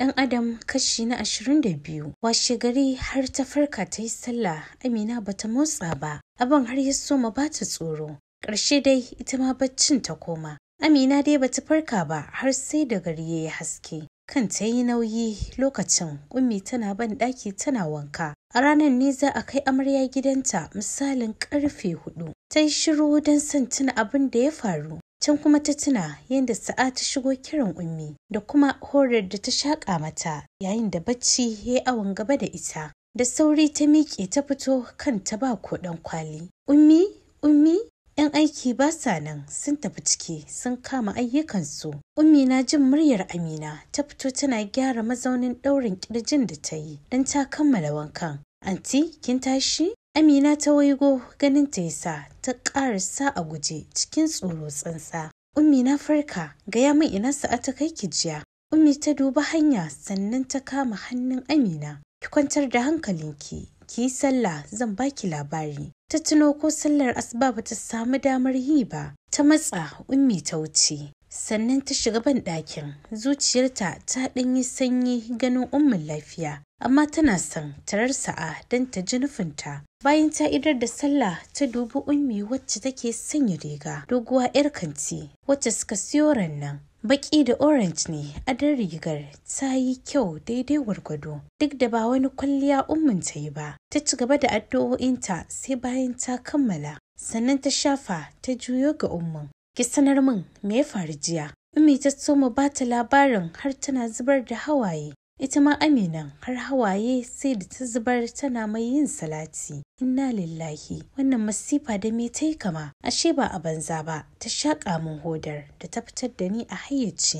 ɗan adam kashi na ashirin da biyu. washe gari har ta farka ta yi sallah amina ba ta motsa ba abin har ya soma ba ta tsoro ƙarshe dai ita ma baccin ta koma amina dai bata farka ba har sai da gari ya yi haske kan ta yi nauyi lokacin ummi tana ban ɗaki tana wanka a ranar ne za a kai amarya gidanta misalin karfe hudu ta yi shiru don son tuna abin da ya faru Can kuma ta tuna yadda sa'a ta shigo kiran ummi da kuma horar da ta shaƙa mata yayin da bacci ya yi awon gaba da ita. Da sauri ta miƙe ta fito kan ta ba ko kwali. Ummi, ummi, 'yan aiki ba sa nan sun tafi ciki sun kama ayyukansu. Ummi na jin muryar Amina ta fito tana gyara mazaunin ɗaurin ƙirjin da ta yi don ta kammala wankan. Anti, kin tashi? Amina ta waigo ganin ta yasa ta ƙarasa a guje cikin tsoro tsansa. Ummi na farka gaya min ina sa'a ta kai ki jiya. Ummi ta duba hanya sannan ta kama hannun Amina. Ki kwantar da hankalinki, ki yi sallah zan baki labari. Ta tuno ko sallar asuba ba ta samu damar yi ba. Ta matsa Ummi ta wuce. Sannan ta shiga ban ɗakin zuciyarta ta ɗanyi sanyi ganin ummin lafiya. amma tana son tarar sa'a don ta ji nufinta. Bayan ta idar da sallah ta dubi ummi wacce take sanya riga doguwa 'yar kanti wacce suka siyo rannan. Baki da orange ne a dan rigar ta yi kyau daidai gwargwado duk da ba wani kwalliya ummin ta yi ba. Ta ci gaba da addu'o'inta sai bayan ta kammala sannan ta shafa ta juyo ga ummin. Ki sanar min me ya faru jiya? Ummi ta soma ba ta labarin har tana zubar da hawaye Ita ma Amina har hawaye sai da ta zubar tana mai yin salati. Inna lillahi wannan masifa da me ta yi kama ashe ba a banza ba ta shaƙa min hodar da ta fitar da ni a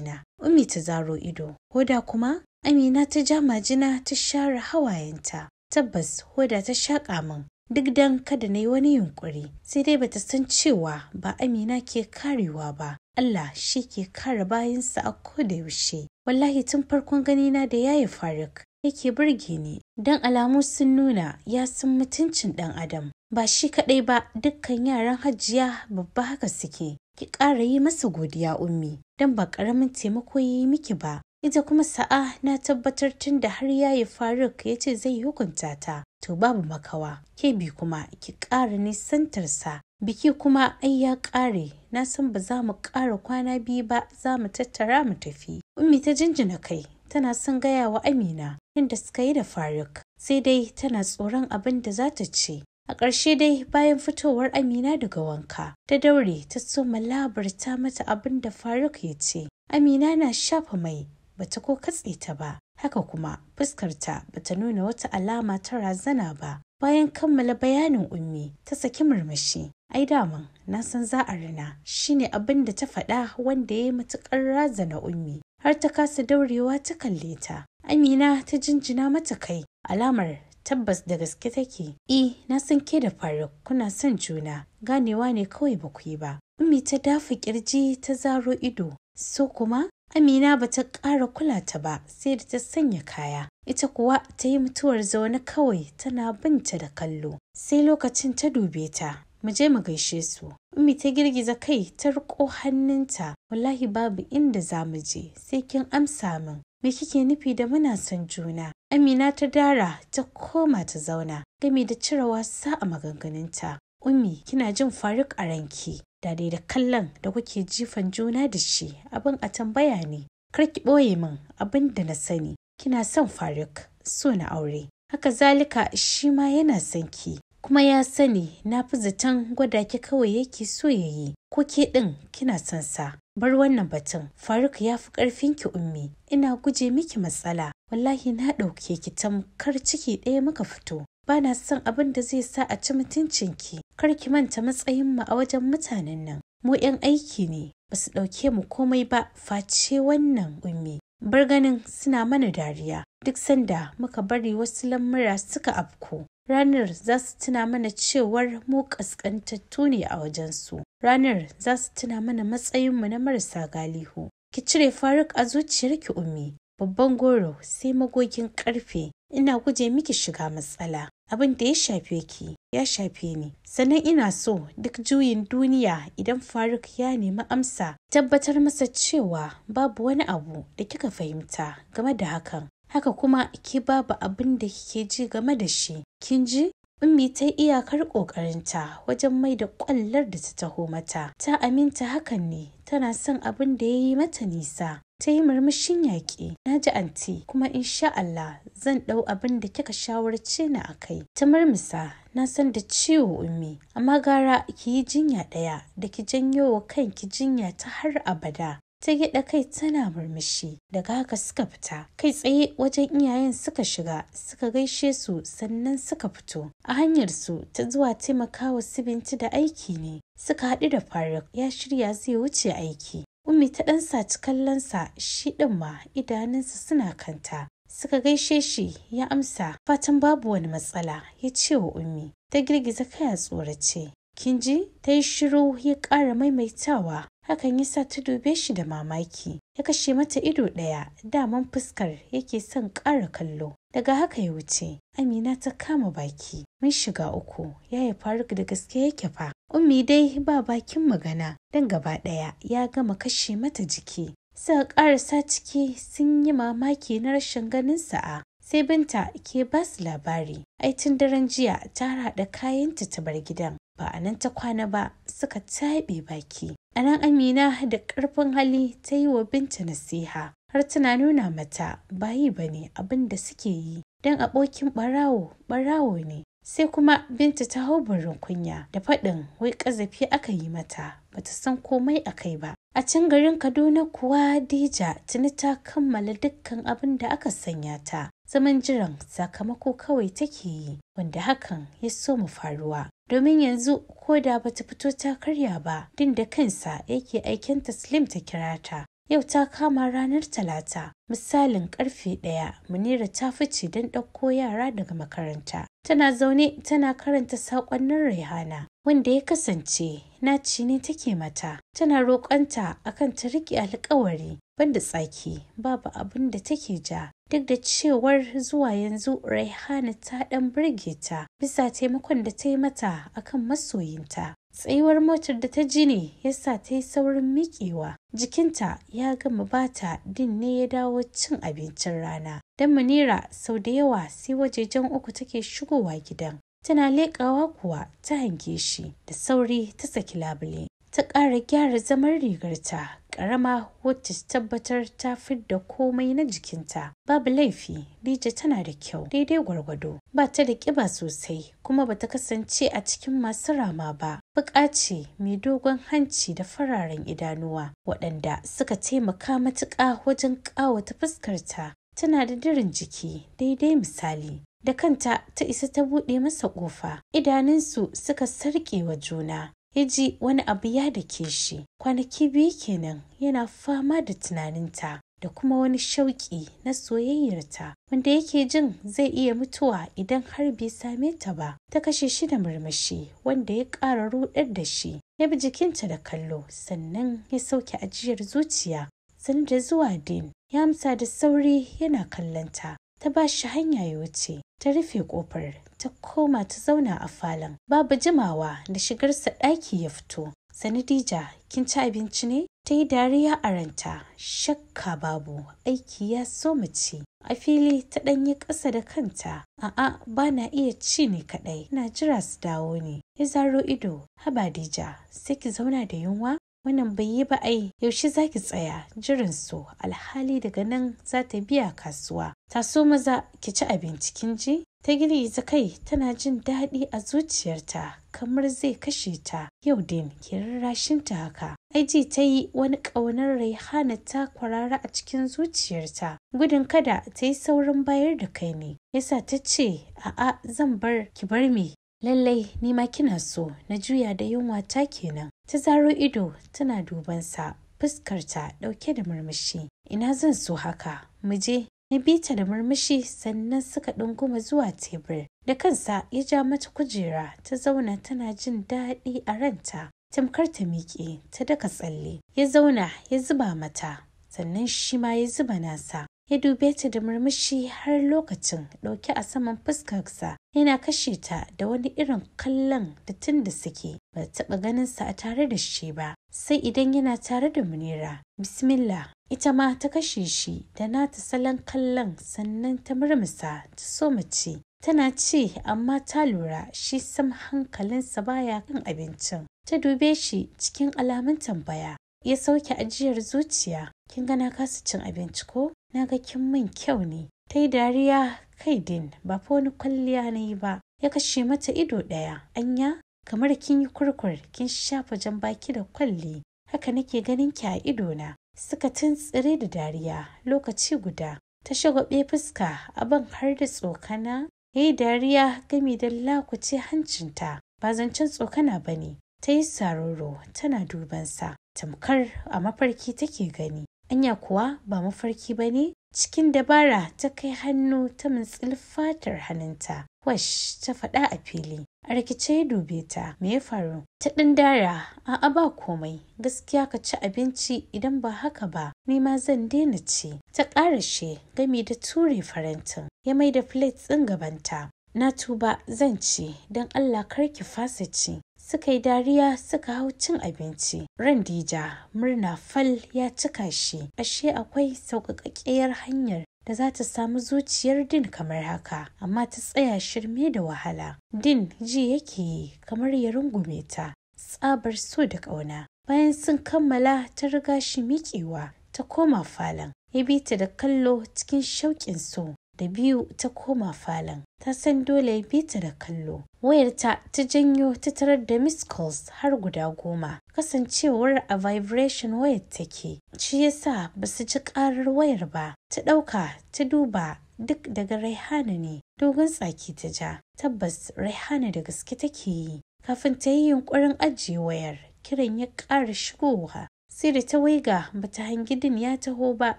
na. Umi ta zaro ido, hoda kuma Amina ta ja majina ta share hawayenta. Tabbas hoda ta shaƙa min duk dan kada na yi wani yunkuri sai dai bata san cewa ba amina ke karewa ba Allah shi ke kare bayansa a da yaushe wallahi tun farkon ganina da yaye faruk yake burge ni don alamu sun nuna ya san mutuncin dan adam ba shi kaɗai ba dukkan yaran hajiya babba haka suke ki ƙara yi masa godiya ummi don ba ƙaramin taimako yi miki ba ita kuma sa'a na tabbatar tun da har yayi faruk ya ce zai hukunta ta to babu makawa ke bi kuma ki ƙara nisantarsa Biki kuma ai ya ƙare, na san ba za mu ƙara kwana biyu ba za mu tattara mu tafi. Ummi ta jinjina kai, tana son gaya wa Amina inda suka yi da Faruk, sai dai tana tsoron abin da za ta ce. A ƙarshe dai bayan fitowar Amina daga wanka, ta daure ta so labarta mata abin da Faruk ya ce. Amina na shafa mai, bata ko katse ta ba. Haka kuma fuskarta bata nuna wata alama ta razana ba. Bayan kammala bayanin ummi ta saki murmushi Ai daman na san za a rina shine abin da ta faɗa wanda ya yi matuƙar razana ummi har ta kasa daurewa ta kalle ta. Amina ta jinjina mata kai alamar tabbas da gaske take. E, na san ke da faruk kuna son juna, ganewa ne kawai ba ku yi ba. Ummi ta dafa kirji ta zaro ido, so kuma Amina ba ta ƙara kula ta ba sai da ta sanya kaya. Ita kuwa ta yi mutuwar zaune kawai tana binta da kallo. Sai lokacin ta dube ta, mu je mu gaishe su. Ummi ta girgiza kai ta riko hannunta wallahi babu inda za mu je sai kin amsa min. Me kike nufi da muna son juna? Amina ta dara ta koma ta zauna gami da cire wasa a maganganunta. Ummi kina jin faruk a ranki da dai da kallon da kuke jifan juna da shi abin a tambaya ne. Kar ki ɓoye min abin da na sani kina son faruk so na aure. Haka zalika shi ma yana son ki kuma ya sani na fi zaton gwada ki kawai yake so ya yi ko ke ɗin kina son sa bar wannan batun faruk ya fi ƙarfin ki ummi ina guje miki matsala wallahi na ɗauke ki tamkar ciki ɗaya muka fito ba na son abin da zai sa a ci mutuncin ki. kar ki manta matsayin mu a wajen mutanen nan mu 'yan aiki ne ba su ɗauke mu komai ba face wannan ummi bar ganin suna mana dariya duk sanda muka bari wasu lamura suka afko ranar za su tuna mana cewar mu ƙasƙantattu ne a wajensu ranar za su tuna mana matsayinmu na marasa galihu ki cire faruk a zuciyar ki umi. babban goro sai magogin ƙarfe, ina guje miki shiga matsala abin da ya shafe ki ya shafe ni sannan ina so duk juyin duniya idan faruk ya nemi amsa tabbatar masa cewa babu wani abu da kika fahimta game da hakan haka kuma ki babu abin da kike ji game da shi kin ji Ummi ta iyakar ƙoƙarinta wajen mai da ƙwallar da ta taho mata. Ta aminta hakan ne, tana son abin da ya yi mata nisa. Ta yi murmushin yaƙi, na ji anti, kuma insha Allah zan ɗau abin da kika shawarce ni a kai. Ta murmusa, na san da ciwo ummi, amma gara ki yi jinya ɗaya da ki janyo wa kanki jinya ta har abada. ta gyaɗa kai tana murmushi daga haka suka fita kai tsaye wajen iyayen suka shiga suka gaishe su sannan suka fito a hanyar su ta zuwa taimakawa su binti da aiki ne suka haɗu da faruk ya shirya zai wuce aiki ummi ta ɗan saci kallonsa shi ɗin ma idanunsa suna kanta suka gaishe shi ya amsa fatan babu wani matsala ya ce wa ummi ta girgiza kaya tsorace Kin ji? Ta yi shiru ya ƙara maimaitawa. Hakan ya sa ta dube shi da mamaki. Ya kashe mata ido ɗaya, daman fuskar yake son ƙara kallo. Daga haka ya wuce, Amina ta kama baki. Mun shiga uku, ya yi Faruk da gaske yake fa. Ummi dai ba bakin magana, Dan gaba ɗaya ya gama kashe mata jiki. Suka ƙarasa ciki sun yi mamaki na rashin ganin sa'a. sai binta ke ba su labari ai tun daren jiya ta haɗa kayanta ta bar gidan ba a nan ta kwana ba suka taɓe baki. A nan Amina da ƙarfin hali ta yi wa Binta nasiha har tana nuna mata bayi ba ne abin da suke yi don abokin ɓarawo ɓarawo ne. Sai kuma Binta ta hau barin kunya da faɗin wai ƙazafi aka yi mata bata san komai a kai ba. A can garin Kaduna kuwa Dija tuni ta kammala dukkan abin da aka sanya ta. Zaman jiran sakamako kawai take yi wanda hakan ya so mu faruwa. domin yanzu ko da bata fito ta karya ba, din da kansa yake aiken Taslim ta kira ta. Yau ta kama ranar Talata, misalin karfe ɗaya, Munira ta fice don ɗauko yara daga makaranta. Tana zaune tana karanta saƙonnin Rayhana, wanda ya kasance naci ne take mata. Tana roƙonta akan ta riƙe alƙawari, banda tsaki, babu abin da take ja. Duk da cewar zuwa yanzu raihana ta ɗan burge ta bisa taimakon da ta yi mata akan masoyinta. tsayuwar motar da ta ji ne sa ta yi saurin miƙewa jikinta ya gama bata din ne ya dawo cin abincin rana don munira sau da yawa sai wajejen uku take shigowa gidan tana leƙawa kuwa ta hange shi da sauri ta saki labule ta ƙara gyara zaman rigarta ƙarama wacce tabbatar ta da komai na jikinta. Babu laifi, Lija tana da kyau daidai gwargwado. Ba ta da ƙiba sosai kuma ba ta kasance a cikin masu rama ba. Buƙa mai dogon hanci da fararen idanuwa waɗanda suka taimaka matuƙa wajen ƙawata fuskarta. Tana da dirin jiki daidai misali. da kanta ta isa ta buɗe masa ƙofa idanunsu suka sarƙe wa juna ya ji wani abu ya dake shi kwanaki biyu kenan yana fama da tunaninta da kuma wani shauƙi na soyayyarta wanda yake jin zai iya mutuwa idan har bai same ta ba ta kashe shi da murmushi wanda ya ƙara rudar da shi ya bi jikinta da kallo sannan ya sauke ajiyar zuciya sanar da zuwa din ya amsa da sauri yana kallonta ta ba shi hanya ya wuce ta rufe kofar ta koma ta zauna a falon babu jimawa da shigarsa ɗaki ya fito sanadija kin ci abinci ne ta yi dariya a ranta shakka babu aiki ya so mace a fili ta ɗanyi ƙasa da kanta a'a ba na iya ci ne kaɗai na jira su dawo ne ya zaro ido habadija sai ki zauna da yunwa wannan bai yi ba ai yaushe za ki tsaya jirin su alhali daga nan za ta biya kasuwa Ta so maza ki ci abinci kin ji ta ita kai tana jin daɗi a zuciyarta kamar zai kashe ta yau din ki rarrashin ta haka aiji ta yi wani ƙaunar raihana ta kwarara a cikin zuciyarta gudun kada ta yi saurin bayar da kai ne yasa ta ce a'a zan bar ki bar me Lallai ni ma kina so na juya da yunwa ta kenan. Ta zaro ido tana duban sa fuskarta ɗauke da murmushi. Ina zan so haka, muje je. Na bi ta da murmushi sannan suka ɗunguma zuwa tebur. Da kansa ya ja mata kujera ta zauna tana jin daɗi a ranta. Tamkar ta miƙe ta daka tsalle. Ya zauna ya zuba mata sannan shi ma ya zuba nasa. ya dube ta da murmushi har lokacin ɗauke a saman fuskarsa yana kashe ta da wani irin kallon da tun da suke ba taɓa sa a tare da shi ba sai idan yana tare da munira bismillah ita ma ta kashe shi da nata salon kallon sannan ta murmusa ta so mace tana ci amma ta lura shi sam hankalinsa baya kan abincin ta dube shi cikin alamun tambaya ya sauke ajiyar zuciya kin ga na kasa cin abinci ko na ga kin min kyau ne ta yi dariya kai din ba fa wani kwalliya na yi ba ya kashe mata ido ɗaya anya kamar kin yi kurkur kin shafa jan baki da kwalli haka nake ganin ki a ido na suka tsire da dariya lokaci guda ta shagwabe fuska abin har da tsokana ya yi dariya gami da lakuce hancinta ba zancen tsokana ba ne ta yi saroro tana dubansa tamkar a mafarki take gani anya kuwa ba mafarki ba ne cikin dabara ta kai hannu ta mintsil fatar hannunta wash ta faɗa a fili a rikice ya dube ta me ya faru ta ɗin dara a'a ba komai gaskiya ka ci abinci idan ba haka ba ni ma zan daina ci ta ƙara ƙarashe gami da ture farantin ya mai da plates ɗin gabanta na tuba zan ci don allah kar ki fasa ci suka yi dariya suka hau cin abinci. Randija murna fal ya cika shi, ashe akwai sauƙaƙaƙƙiyar hanyar da za ta samu zuciyar din kamar haka, amma ta tsaya shirme da wahala. Din ji yake yi kamar ya rungume ta, tsabar so da ƙauna. Bayan sun kammala ta riga shi miƙewa ta koma falon. Ya bi ta da kallo cikin shauƙin so da biyu ta koma falon. Ta san dole ya bi ta da kallo. Wayarta ta janyo ta tarar da miss calls har guda goma. Kasancewar a vibration wayar take. Shi yasa ba su ji karar wayar ba. Ta ɗauka ta duba duk daga Raihana ne. Dogon tsaki ta ja. Tabbas Raihana da gaske take yi. Kafin ta yi yunkurin ajiye wayar, kiran ya ƙara shigowa. Sai da ta waiga bata hangi ya taho ba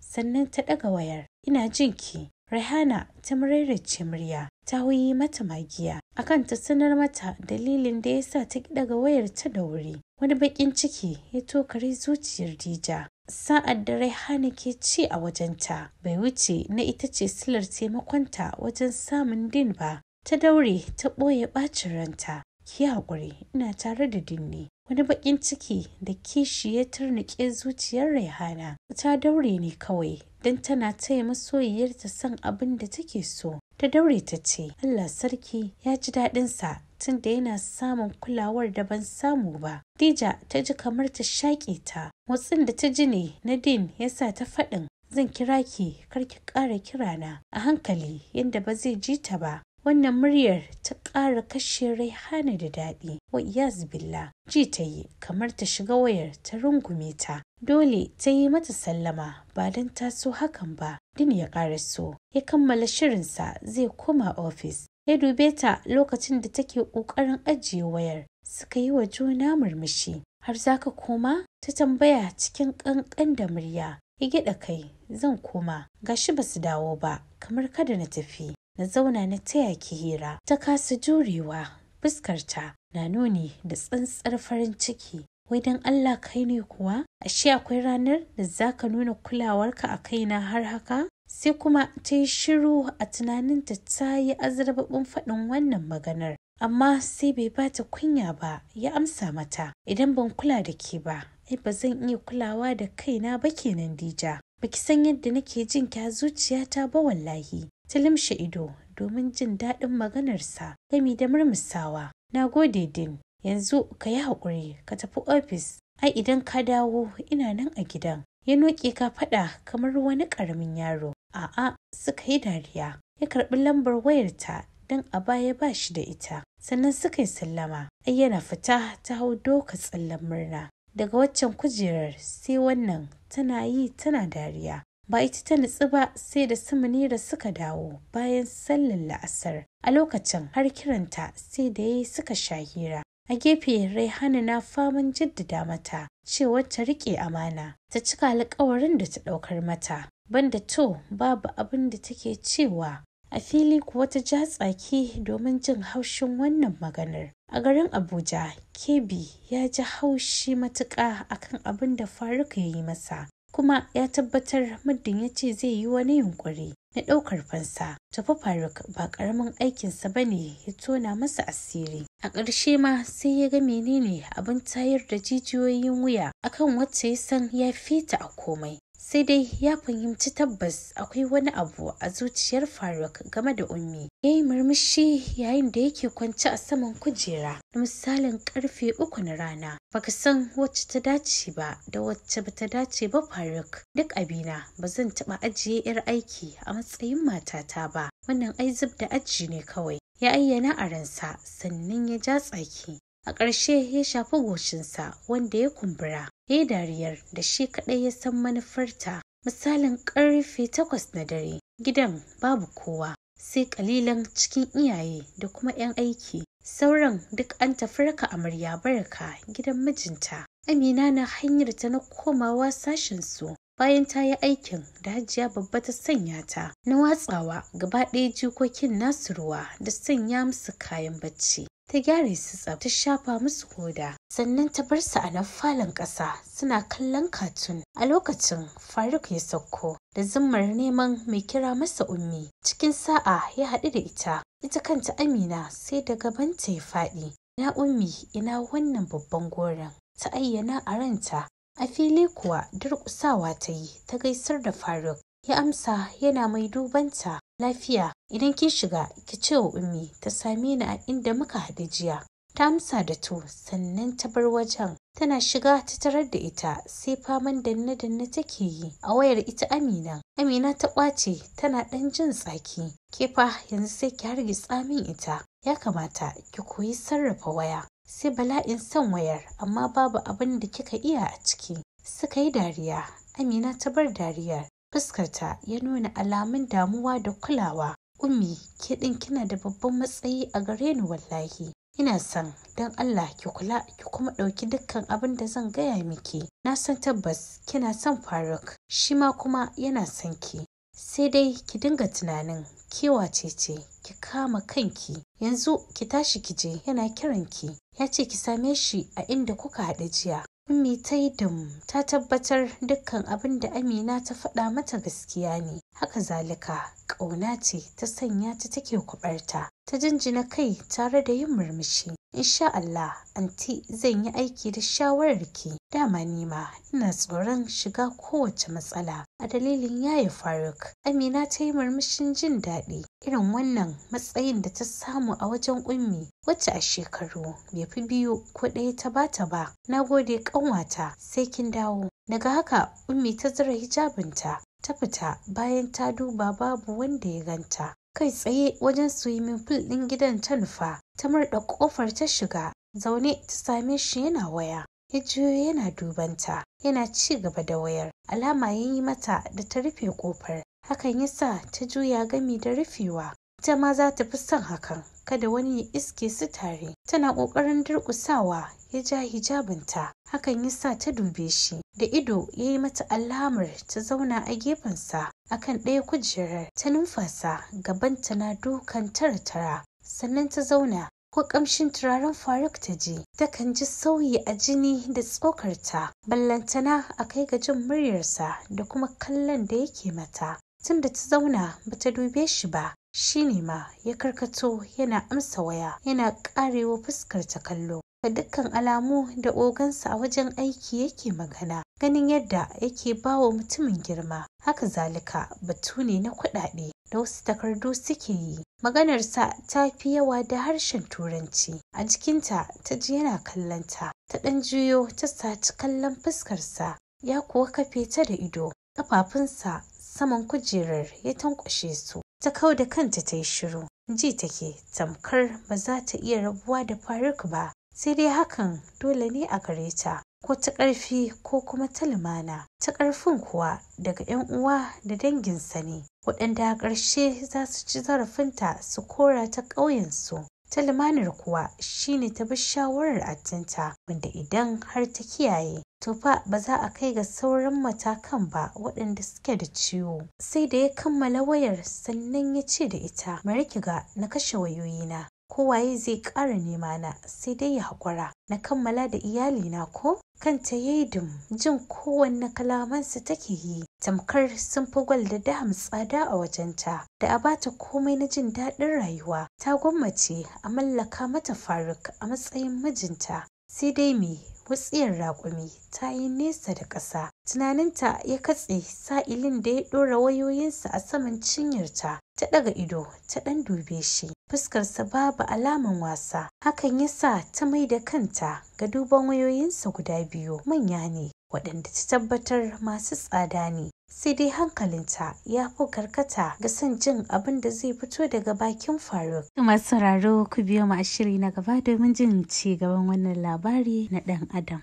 sannan ta ɗaga wayar. Ina jin ki. Rihanna ta marairace murya ta yi mata magiya akan ta sanar mata dalilin da ya sa ta daga wayar ta da wuri. Wani bakin ciki ya tokare zuciyar Dija. Sa'ad da Rihanna ke ci a wajenta bai wuce na ita ce silar taimakonta wajen samun din ba. Ta daure ta ɓoye ɓacin ranta. Ki haƙuri ina tare da dinne. wani bakin ciki da kishi ya turnuƙe zuciyar Rihanna. ta daure ne kawai don tana taya masoyiyarta son abin da take so. Ta daure ta ce, Allah sarki ya ji daɗinsa tun da yana samun kulawar da ban samu ba. Dija ta ji kamar ta shaƙe ta. Motsin da ta ji ne na din ya sa ta faɗin. Zan kira ki kar ki ƙara kirana a hankali yadda ba zai ji ta ba. Wannan muryar ta ƙara kashe Raihana da daɗi, wa iyaz billah, ji ta yi kamar ta shiga wayar ta rungume ta. Dole ta yi mata sallama ba don ta so hakan ba, Din ya ƙara so, ya kammala shirinsa zai koma ofis. Ya dube ta lokacin da take ƙoƙarin ajiye wayar, suka yi wa juna murmushi. Har za ka koma? Ta tambaya cikin ƙanƙan da murya. Ya gyaɗa kai, zan koma, gashi ba su dawo ba, kamar kada na tafi. na zauna na taya ki hira ta kasa jurewa fuskarta na nuni da tsantsar farin ciki wai don Allah kai ne kuwa ashe akwai ranar da za ka nuna kulawarka a kaina har haka sai kuma ta yi shiru a tunaninta ta yi azarbabin faɗin wannan maganar amma sai bai ba ta kunya ba ya amsa mata idan ban kula da ke ba ai ba zan iya kulawa da kaina ba kenan dija baki san yadda nake jin kya zuciyata ba wallahi ta limshe ido domin jin daɗin maganarsa gami da murmusawa. Na gode din, yanzu ka yi haƙuri ka tafi ofis. Ai idan ka dawo ina nan a gidan. Ya noƙe ka faɗa kamar wani ƙaramin yaro. A'a suka yi dariya. Ya karɓi lambar wayarta don a baya ba shi da ita. Sannan suka yi sallama. Ai yana fita ta hau doka tsallan murna. Daga waccan kujerar sai wannan tana yi tana dariya. Ba ita ta nutsu ba sai da su nera suka dawo bayan sallin la'asar. A lokacin har kiranta sai da ya suka sha hira. A gefe Raihana na faman jaddada mata cewar ta riƙe amana, ta cika alƙawarin da ta ɗaukar mata. Banda to babu abin da take cewa a fili kuwa ta ja tsaki domin jin haushin wannan maganar. A garin Abuja, Kebi ya ji haushi matuƙa akan abin da Faruk ya yi masa, kuma ya tabbatar muddin ya ce zai yi wani yunkuri na ɗaukar fansa. Tafi Faruk ba ƙaramin aikinsa ba ne ya tona masa asiri. A ƙarshe ma sai ya ga menene abin tayar da jijiyoyin wuya akan wacce ya san ya fita a komai. sai dai ya fahimci tabbas akwai wani abu a zuciyar faruk game da ummi ya yi murmushi yayin da yake kwance a saman kujera da misalin karfe uku na rana baka san wacce ta dace ba da wacce ba ta dace ba faruk duk abina ba zan taba ajiye yar aiki a matsayin matata ba wannan ai zub da aji ne kawai ya ayyana a ransa sannan ya ja tsaki a ƙarshe ya shafi goshinsa wanda ya kumbura ya yi dariyar da shi kaɗai ya san manufarta misalin ƙarfe takwas na dare gidan babu kowa sai ƙalilan cikin iyaye da kuma 'yan aiki sauran duk an tafi raka amarya baraka gidan mijinta amina na hanyar ta na komawa sashensu bayan ta yi aikin da hajiya babba ta sanya ta na watsawa gaba ɗaya jikokin nasu ruwa da sanya musu kayan bacci ta gyara su tsaf ta shafa musu hoda sannan ta bar su a nan falon ƙasa suna kallon katun a lokacin faruk ya sauko da zimmar neman mai kira masa ummi cikin sa'a ya haɗu da ita ita kanta amina sai da gabanta ya faɗi na ummi ina wannan babban goron ta ayyana a ranta a fili kuwa durƙusawa ta yi ta gaisar da faruk ya amsa yana mai dubanta lafiya idan kin shiga ki ce wa ummi ta same ni a inda muka haɗu jiya ta amsa da to sannan ta bar wajen tana shiga ta tarar da ita sai faman danne danne take yi a wayar ita amina amina ta ƙwace tana ɗan jin tsaki ke fa yanzu sai ki hargitsa tsamin ita ya kamata ki koyi sarrafa waya sai bala'in son wayar amma babu abin da kika iya a ciki suka yi dariya amina ta bar dariyar fuskarta ya nuna alamun damuwa da kulawa ummi ke ɗin kina da babban matsayi a gare ni wallahi ina son don Allah ki kula ki kuma ɗauki dukkan abin da zan gaya miki na san tabbas kina son faruk shi ma kuma yana son ki sai dai ki dinga tunanin kewa ce ce ki kama kanki yanzu ki tashi ki je yana kiran ki. ya ce ki same shi a inda kuka haɗu jiya Ummi ta Taidum ta tabbatar dukkan abin da Amina ta faɗa mata gaskiya ne. haka zalika ƙauna ce ta sanya ta take kwabarta ta jinjina kai tare da yin murmushi insha Allah anti zan yi aiki da shawarar ki dama nima ina tsoron shiga kowace matsala a dalilin yaya faruk amina ta yi murmushin jin daɗi irin wannan matsayin da ta samu a wajen ummi wacce a shekaru bai fi biyu ko ɗaya ta bata ba na gode ƙanwata sai kin dawo daga haka ummi ta zura hijabinta ta fita bayan ta duba babu wanda ya ganta. Kai tsaye wajen swimming pool ɗin gidan ta nufa, ta murɗa ƙofar ta shiga, zaune ta same shi yana waya. Ya juyo yana dubanta, yana ci gaba da wayar. Alama ya yi mata da ta rufe ƙofar. Hakan ya sa ta juya gami da rufewa. ita ma za ta fi son hakan kada wani ya iske su tare tana ƙoƙarin durƙusawa ya ja hijabinta hakan ya sa ta dumbe shi da ido ya yi mata alamar ta zauna a gefensa akan ɗaya kujerar ta numfasa ta na dukan tara tara sannan ta zauna ko ƙamshin turaren faruk ta ji takan ji sauyi a jini da tsokarta ballantana a kai ga jin muryarsa da kuma kallon da yake mata tun da ta zauna ba ta dube shi ba shi ne ma ya karkato yana amsa waya yana karewa fuskar ta kallo da dukkan alamu da ogansa a wajen aiki yake magana ganin yadda yake bawa mutumin girma haka zalika batu ne na kuɗaɗe da wasu takardu suke yi maganarsa ta fi yawa da harshen turanci a jikinta ta ji yana kallonta ta ɗan juyo ta saci kallon fuskarsa ya kuwa kafe ta da ido ƙafafunsa saman kujerar ya tankwashe su. Ta kau da kanta ta yi shiru. Ji take tamkar ba za ta iya rabuwa da Faruk ba, sai dai hakan dole ne a gare ta. Ko ta ƙarfi ko kuma ta lumana. Ta ƙarfin kuwa daga 'yan uwa da danginsa ne, waɗanda a ƙarshe za su ci zarafinta su kora ta ƙauyensu. ta limanar kuwa shine ta bi shawarar attinta wanda idan har ta kiyaye to fa ba za a kai ga sauran matakan ba waɗanda suke da ciwo. Sai da ya kammala wayar sannan ya ce da ita, bari ki ga na kashe wayoyina. Kowaye zai ƙara nema na sai dai ya haƙura. Na kammala da iyali na, ko? Kanta ya yi dum, jin kowanne kalamansa take yi, tamkar sun fi gwal da daham tsada a wajen ta. da a bata komai na jin daɗin rayuwa, ta gwammace a mallaka mata faruk a matsayin mijinta. Sai dai me wutsiyar raƙumi ta yi nesa da ƙasa tunaninta ya katse sa'ilin da ya ɗora wayoyinsa a saman cinyarta ta ɗaga ido ta ɗan dube shi fuskarsa babu alaman wasa hakan ya sa ta mai da kanta ga duban wayoyinsa guda biyu manya ne waɗanda ta tabbatar masu tsada ne sai dai hankalinta ya fi karkata ga son jin abin da zai fito daga bakin faruk masu sauraro ku biyo mu a shiri na gaba domin jin ci gaban wannan labari na dan adam